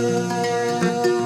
Música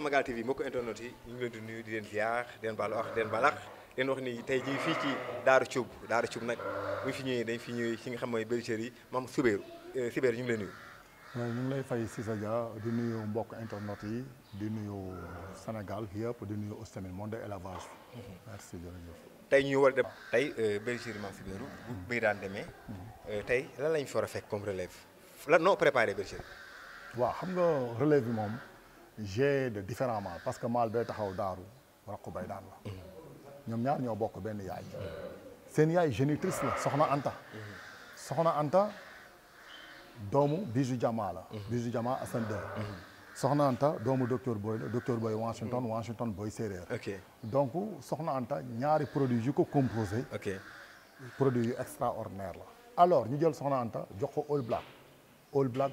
Samagal TV mbokk internet yi ñu ngi leen di nuyu di leen ziar di leen baalu ak di leen balax leen wax ni tey jii fii ci Daaru Cuub Daaru Cuub nag buñ fi ñëwee dañ fi ñëwee euh, di nuyu mbokk internet yi di nuyu Sénégal yëpp di nuyu aussi tamit monde élevage mhm. merci jërëjëf tey ñu war a dem tey euh, bergerie maam Sibéeru bu bay daan demee mhm. euh, tey lan lañ fi a fekk comme relève lan noo préparé bergerie waaw xam nga relève bi moom j'ai de différents parce que mal day taxaw daru raqu bay daan la ñoom ñaar ñoo bokk ben yaay seen yaay génitrice la soxna Anta soxna Anta doomu Bijou Jama la Bijou Jama Assane Deur soxna Anta doomu docteur Boy docteur Boy Washington Washington Boy séeréer donc soxna Anta ñaari produit yu ko composé produit extraordinaire la alors ñu jël soxna Anta jox ko All Black All Black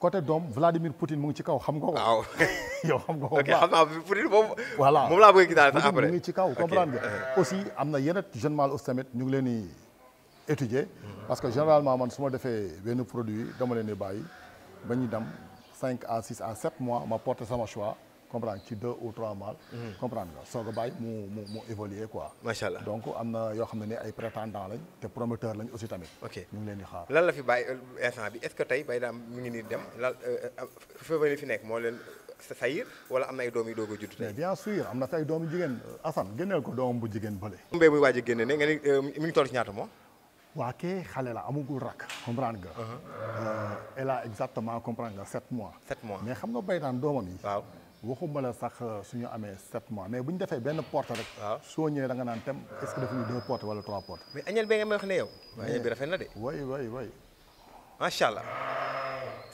côté doom Vladimir Poutine mu ngi ci kaw xam nga ko. waaw yow xam nga ko. ok xam naa Poutine moom. voilà moom laa bëgg gisaale sax mu ngi ci kaw comprendre nga. Euh. aussi am na yeneen jeunes mâles tamit ñu ngi leen di étudier. parce que généralement man su ma defee benn produit dama leen di bàyyi ba ñu dem 5 à 6 à 7 mois ma porté sama choix. comprendre ci deux ou trois mâles. Mm-hmm. comprendre nga soog a bàyyi mu mu mu évoluer quoi. macha allah donc am na yoo xam ne ay prétendants lañ te promoteur lañ aussi tamit. ok ñu ngi leen di xaar. lan la fi bàyyi euh, instant bi est ce que tey bay daam mu ngi nii dem lan euh, euh, février fi nekk moo leen sayir wala am na ay doom yu doog a judd tey. bien sûr am na say doomu jigéen Assane génneel ko doomam bu jigéen bële. mbéy muy waaj a génne ne nga ni mi ngi toll ci ñaata moom. waa kee xale la amugul rakk comprendre nga. Uh-huh. elle a exactement comprendre nga sept mois. sept mois mais xam nga bay daan doomam yi. waaw. waxuma la sax euh, suñu amee set mois mais bu ñu defee benn porte rek. Ah. soo ñëwee da nga naan tem est-ce que defuñu deux portes wala trois portes. mais añal bi nga may wax ne yow. waaw bi rafet na de. way way way macha allah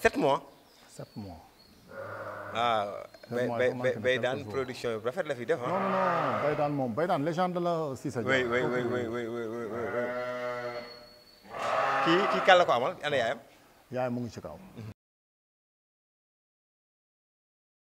sept mois. sept mois. waaw ah, bay bay bay daan production yi rafet la fi def ah. non non bay daan moom bay daan légende la Cissé Dia. oui oui oui oui oui oui. kii kii ko amal ana yaayam. yaayam mu ngi ci kaw. Mhm.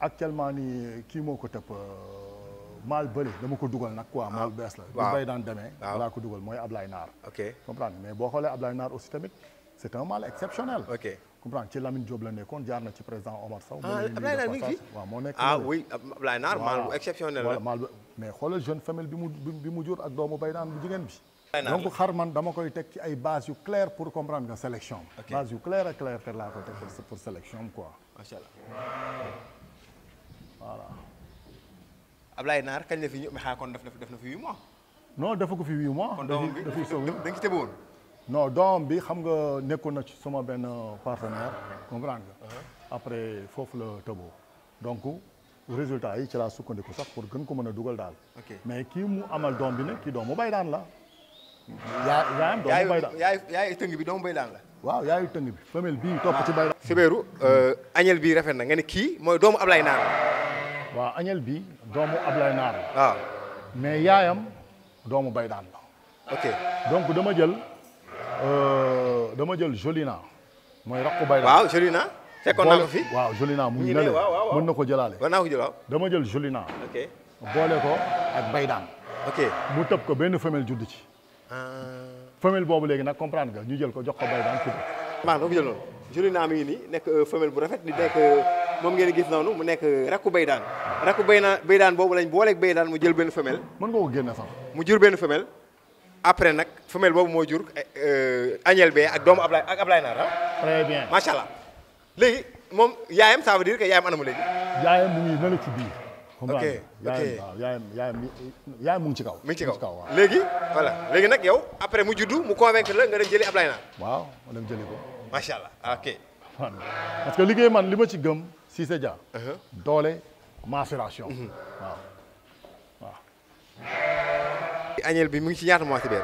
actuellement ni kii moko ko mal euh, maal dama ko dougal nak quoi mal ah, bees la bu bay daan demee laa ko dougal moy ablay nar ok comprendre mais bo xolé ablay nar aussi tamit c'est un mal exceptionnel ok comprendre ci Lamine job la nekkoon jaar na ci président Omar Sow ah, ah Ablaye Naar mi ngi fi waaw ah oui ablay nar mal exceptionnel la mal mais xoolal jeune femelle bi mu bi mu jour ak doomu bay daan bu jigéen bi donc xar man dama koy tek ci ay base yu clair pour comprendre la sélection base yu clair ak claire te laa koy teg pour sélection quoi machallah voilà. Ablaye Naar kañ la fi ñëw mais xaaral kon def na fi 8 mois. non defu ko fi 8 mois. kon doomam bi dafiy soog da nga ci tëboon. non doomam bi xam nga nekkoon na ci sama benn partenaire. comprendre nga. après foofu la tëboo. donc résultat yi ci laa sukkandiku sax pour gën ko mën a dugal daal. mais kii mu amal doom bi nag kii doomu bay daan la. yaa yaayam doomu bay daan yaay yaay tëng bi doomu bay daan la. waaw yaayu tëng bi femelle bii topp ci bay daan. Sibéru añel bii rafet na nga ne kii mooy doomu Ablaye Naar. waa añal bi doomu Ablaye Naar la. Ah. mais yaayam doomu Baydaan la. ok donc dama jël euh, dama jël Jolina mooy rakku Baydaan. waaw Jolina. fekkoon naa ko fi mu ngi mën na jëlaale. naa ko jëlaat dama jël Jolina. ok boole ko ak Baydaan. ok mu tëb ko benn femelle judd ci. Ah. femelle boobu léegi nag comprendre nga ñu jël ko jox ko Baydaan tudd. maa ngi jël noonu Jolina mi ngi nekk euh, femelle bu rafet ni nekk. Euh, moom ngeen gis noonu mu nekk rakku daan rakku baydaan baydaan boobu lañ bay daan mu jël benn femelle. mën nga ko génne sax. mu jur benn femelle après nag femelle boobu moo jur euh, añel bee ak doomu Ablaye ak Ablaye Naar ah. bien macha allah léegi moom yaayam ça veut dire que yaayam anamu léegi. yaayam mu ngi nële ci ok ok mu ngi ci kaw. mu ngi ci kaw waaw léegi. voilà léegi nag yow après mu juddu mu convaincre la nga dem jëli Ablaye Naar. waaw ma ko. macha allah ok. liggéey man li ma ci gëm. Cissé Dia. Uh-huh. doole mensuration. Mm-hmm. waaw waaw. añeel bi mu ngi ci ñaata mois ci benn.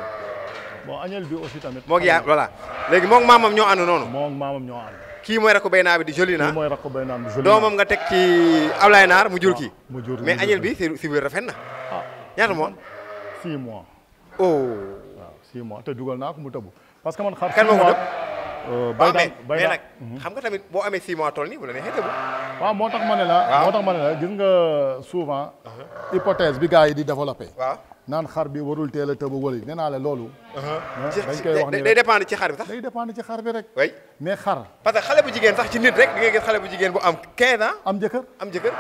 bon añeel bi aussi tamit. moo ngi yaa voilà léegi moom maamam ñoo ànd noonu. moom maamam ñoo ànd. kii mooy rakku Bayna bi di joli na kii mooy rakku Bayna doomam nga teg ci Ablaye Naar mu jur ki mu jur mais añeel bi si biir rafet na. Ah. ñaata mois. 6 mois. oh. waaw mois te dugal naa ko mu tëbu. parce que man xar 6 mois kan bay daan bay daan xam nga tamit boo amee six mois toll nii bu la neexee tëbu. waaw moo tax ma ne la. moo tax ma ne la gis nga souvent. Uh-huh. hypothèse bi gars yi di développé. waaw naan xar bi warul teel a tëbu wala nee naa la loolu. Uh-huh. Ah, dañ koy wax ni day dépendre ci xar bi sax. day dépendre ci xar bi rek. oui mais xar. parce que xale bu jigéen sax ci nit rek di nga gis xale bu jigéen bu am 15 am jëkkër am jëkkër.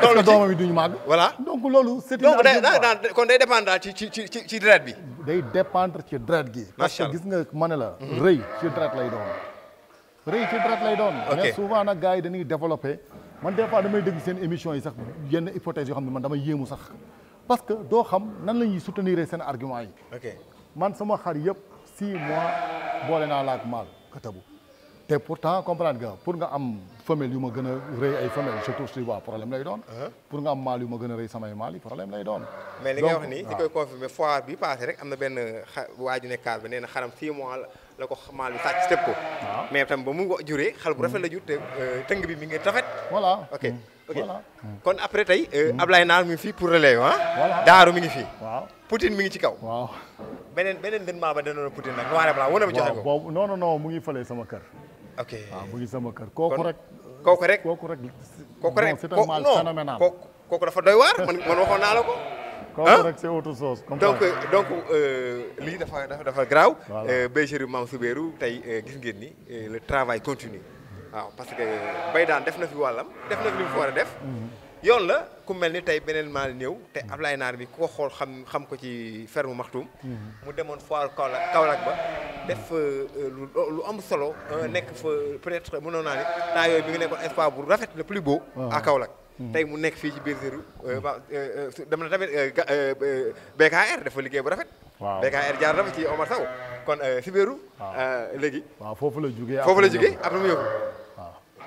toolu ci doomam yi duñu màgg. voilà loolu. c'est donc day daan kon day dépendre daal ci ci ci ci deret bi. day dépendre ci deret gi. parce gis nga ma la. Mm-hmm. rëy ci deret lay doon. rëy ci deret lay doon. mais souvent nag gars yi dañuy développé man des fois damay dégg seen émission yi sax yenn hypothèse yoo xam ne man damay yéemu sax parce que doo xam nan la ñuy soutenir seen argument yi. ok man sama xar yëpp six mois boole naa la ak maal katabu te pourtant comprendre nga pour nga am femelle yu ma gën a rëy ay femelle surtout si waa problème lay doon. Uh-huh. pour nga am maal yu ma gën a rëy samay maal yi problème lay doon. mais li nga wax nii di koy confirmer foire bi passé rek am na benn waaju ne kaas bi nee xaram six mois la. ko maal bi sàcc tëb ko. mais tam ba mu juree xal bu rafet la jur euh, bi mi ngi rafet. voilà ok. Mm. ok hmm. kon après tey euh, hmm. Ablaye Naar mi ngi fii pour relais ah. voilà Daaru mi ngi fii. waaw Poutine mi ngi ci kaw. waaw beneen beneen maa ba danoon Poutine nag noir a blanc wane ma joxe ko. waaw non non mu ngi fële sama kër. ok waaw kër kooku rek. kooku rek kooku rek. kooku rek non non kooku kooku dafa doy waar man man waxoon naa la ko. kooku rek c'est autre chose. donc euh, donc euh, lii dafa dafa dafa garaaw. voilà bergerie Mame Souberou tey gis ngeen ni le travail continue. waaw parce que bay daan def na fi wàllam def na fi li mu fi war a def yoon la ku mel ni tey beneen maa néew te Ablaye Naar bi ku ko xool xam xam ko ci ferme Maxtuum mu demoon foire Kaolack Kaolack ba def fa lu am solo nekk fa peut-être mënoon naa ne temps yooyu bi nga nekkoon espoir bu rafet le plus beau à Kaolack tey mu nekk fii ci biir Zéro dem na tamit BKR dafa liggéey bu rafet waaw BKR jaar dafa ci Omar Sow kon Sibéru léegi waaw foofu la jógee foofu la jógee après mu yóbbu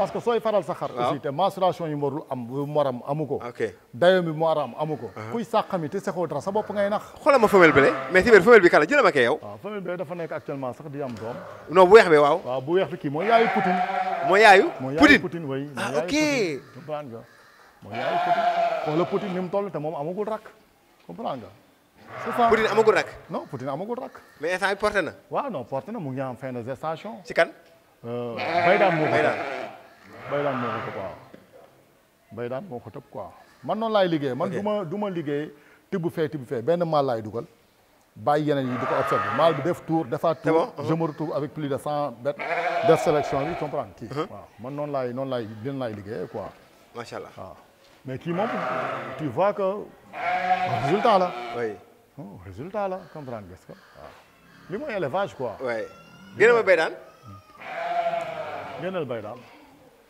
parce que sooy faral sa xar aussi te mensuration yi mu warul am mu war am amu ko dayo bi mu war uh-huh. kuy sàqami te sexoo dara sa ngay nax xoolal ma femelle bi si biir femelle bi kala jëlal ma kee yow waaw femelle dafa nekk actuellement sax di am doom non bu weex bi waaw bu weex bi kii mooy yaayu Poutine mooy yaayu Poutine mooy yaayu Poutine wala ah, Poutine ni toll te moom amagul rakk comprendre nga c'est ça Poutine amagul rakk non Poutine amagul rakk mais instant bi porté na waaw na mu Je ne quoi. pas waaw quoi man non lay pas man du duma du mal. fait Je ne sais pas si yenen yi bi def tour tour uh-huh. je me retrouve avec plus de 100 bêtes de sélection Je comprendre uh-huh. man non non quoi mais qui tu vois que résultat là. oui oh, résultat là. comprendre qu'est-ce que. Lui, élevage quoi oui Bien le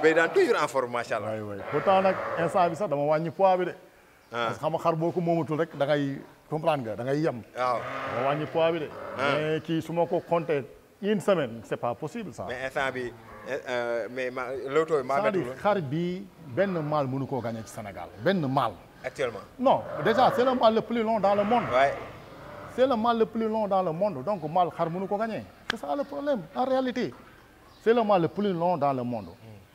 béy daan toujours en forme macha allah. waay pourtant nag instant bi sax dama wàññi poids bi de. Ah. parce que xam nga xar boo ko moomatul rek da ngay comprendre nga da ngay yem. waaw poids bi de. Ah. mais kii su ma ko une semaine ce n'est pas possible ça. mais instant bi eh, euh, mais ma loto maa bettul c'est-à-dire xar bi benn maal mënu koo gagné ci Sénégal Ben mal. actuellement non déjà c'est le mal le plus long dans le monde. Ouais. C'est le mal le plus long dans le monde donc mal, xar mënu ko gagné. C'est ça le problème en réalité C'est le mal le plus long dans le monde.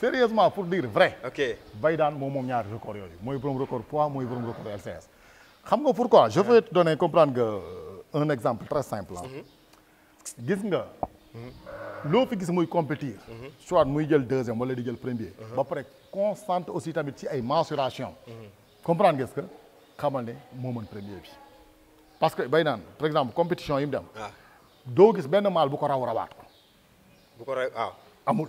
sérieusement pour dire vrai. ok Baydan, Daan moom moom moi record yooyu mooy record poids mooy borom record LCS. xam nga pourquoi je vais te donner comprendre euh, un exemple très simple ah. gis nga. Mhm. loo fi gis muy compétir. Mhm. soit muy jël deuxième wala di jël premier. ba pare constante aussi tamit ci ay mensurations. comprendre nga ce que xamal ne moo premier bi. parce que bay par exemple compétition yi mu dem. Ah. doo gis benn maal bu ko raw rawaat ko. bu ko raw amul.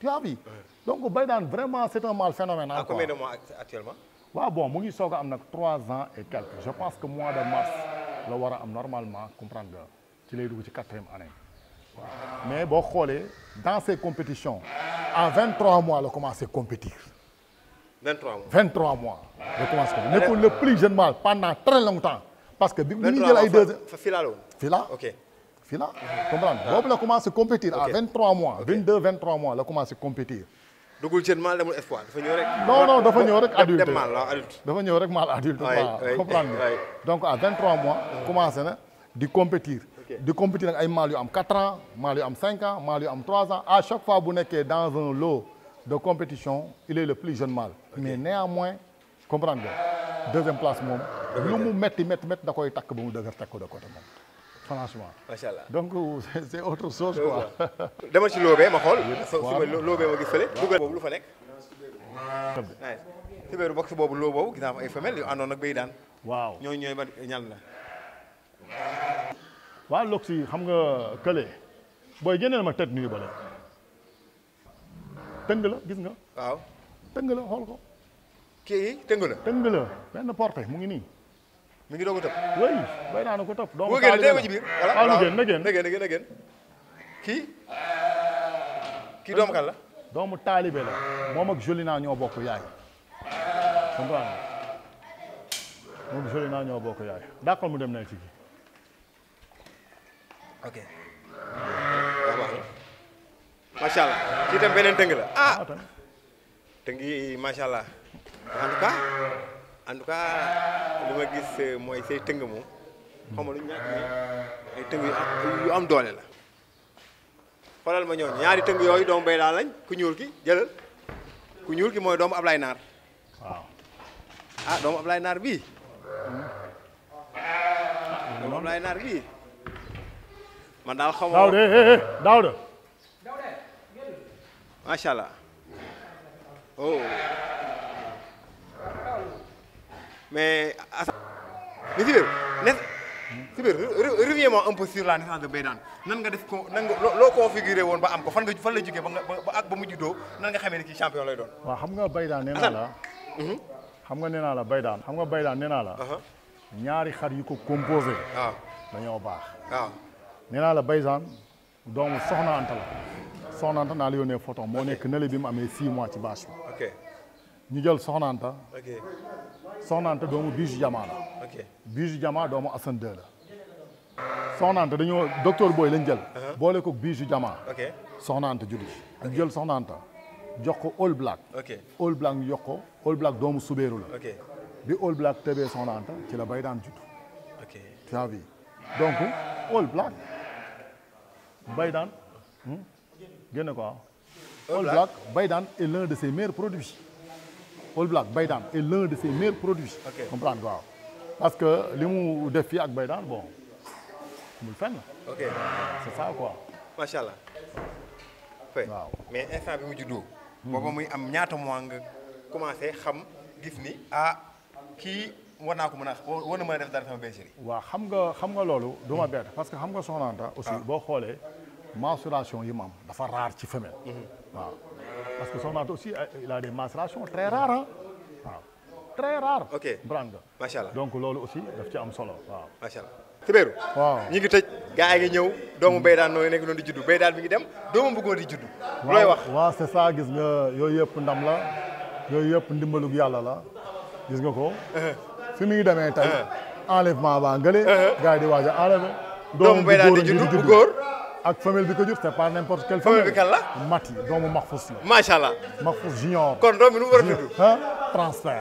tu as vu donc Baydan, vraiment c'est un mal phénoménal. à combien de mois actuellement. bon moi Soga a 3 ans et quelques je pense que mois de mars il normalement comprendre que ci lay dugg ci quatrième année. mais bon, dans ces compétitions à 23 mois commence à compétir. 23 mois 23 mois commence à compétir pour le plus jeune mal pendant très longtemps. parce que bi mu ngi deux ans ok fii comprendre il a commencé compétir à 23 mois 22 23 mois commence commencé compétir dugul seen mal demul espoir dafa ñëw non non dafa adulte adulte. comprendre donc à 23 mois. Hmm. commencé à à compétir. de compétir avec ay mal yu 4 ans mal yu 5 ans mal yu 3 ans à chaque fois bu êtes dans un lot de compétition il est le plus jeune mal. mais néanmoins comprendre deuxième place nous lu mu metti metti metti da koy takk ba mu franchement. macha allah donc euh, c' est autre chose quoi. dama ci loobee ma xool. waaw su ma loobee ma gis fële. waaw boobu lu fa nekk. tubéeru box boobu loo boobu gis naa fa ay femelles yu àndoon ak béy daan. waaw ñooñu ñooy ban ñan la. waaw lox yi xam nga kële booy génneel ma tët nuyu ba la tëng la gis nga. waaw tëng la xool ko. kii tëng la. tëng la benn porte mu ngi nii. mi ngi doog a tëb. oui bay naa na ko topp. doomu taalibe la moom ak Jolina ñoo bokk yaay comprendre moom Jolina ñoo bokk yaay d'accord mu dem na ci kii. kii tam beneen tëng la ah, ah tëng yi macha a tout cas ma gis euh, mooy say tëng moom xam nga lu ñàkk tëng yu am doole la xoolal ma ñooñu ñaari tëng yooyu doomu bay daal lañ ku ñuul ki jëlal ku ñuul ki mooy doomu Ablaye Naar waaw ah, doomu Ablaye Naar bii doomu Ablaye Naar bii man daal xaw ma daaw eh, eh, eh, allah oh mais asa. mais Sibir am Sibir reviens-moi un nan nga def ko nan ko loo woon ba am ko fan fan la jógee ba nga ba ak ba mu juddoo nan nga xamee ne kii champion lay doon. waa xam nga Beydane nee naa la. Mm-hmm. xam nga nee naa la Beydane. xam nga Beydane nee naa la. Uh-huh. ñaari xar yu ko composé. Ah. dañoo baax. waaw ah. nee naa la Beydane doomu soxnaanta Anta la. Soxna Anta naa la yónnee photo moo nekk nële bi mu amee six mois ci bâche bi. ok ñu jël soxnaanta Sonante Anta Bijou Jamaa. Bijou Jamaa la. Boy lañ jël. Uh-huh. ko Bijou Jamaa. ok All Black. All Black ñu All Black doomu Subeeru la. All Black tëbee sonante. Black la donc All Black Biden, hmm? All Black est l'un de ses meilleurs produits. All Black est l'un de ses meilleurs produits. comprends comprendre parce que li mu def fii ak Baydaan bon amul fenn. ok c'est ça quoi. macha allah. waaw mais instant bi mu juddoo. Hmm. booba muy am ñaata mois nga commencé xam gis ni ah kii war naa ko mën a war na a def dara sama bergerie. waaw xam nga xam nga loolu. du ma hmm. bett parce que xam nga soxnaanta aussi ah. boo xoolee mensuration imam dafa rare ci femelle. parce que son mari aussi il a des mensurations très rares hein, très rares. ok donc lolu aussi daf ci am solo waaw. machallah waaw ngi tej gaay nga ñew doomu mm. nek veux di mi ngi dem c'est ça gis nga yooyu ndam la veux dire la gis nga ko. Uh-huh. fi mi uh-huh. uh-huh. ngi je veux enlèvement ba gaay di waja doomu je di ak femelle bi ko c'est pas n'importe quelle femelle la Mati doomu Machala. la. macha allah junior. kon est hein? transfert.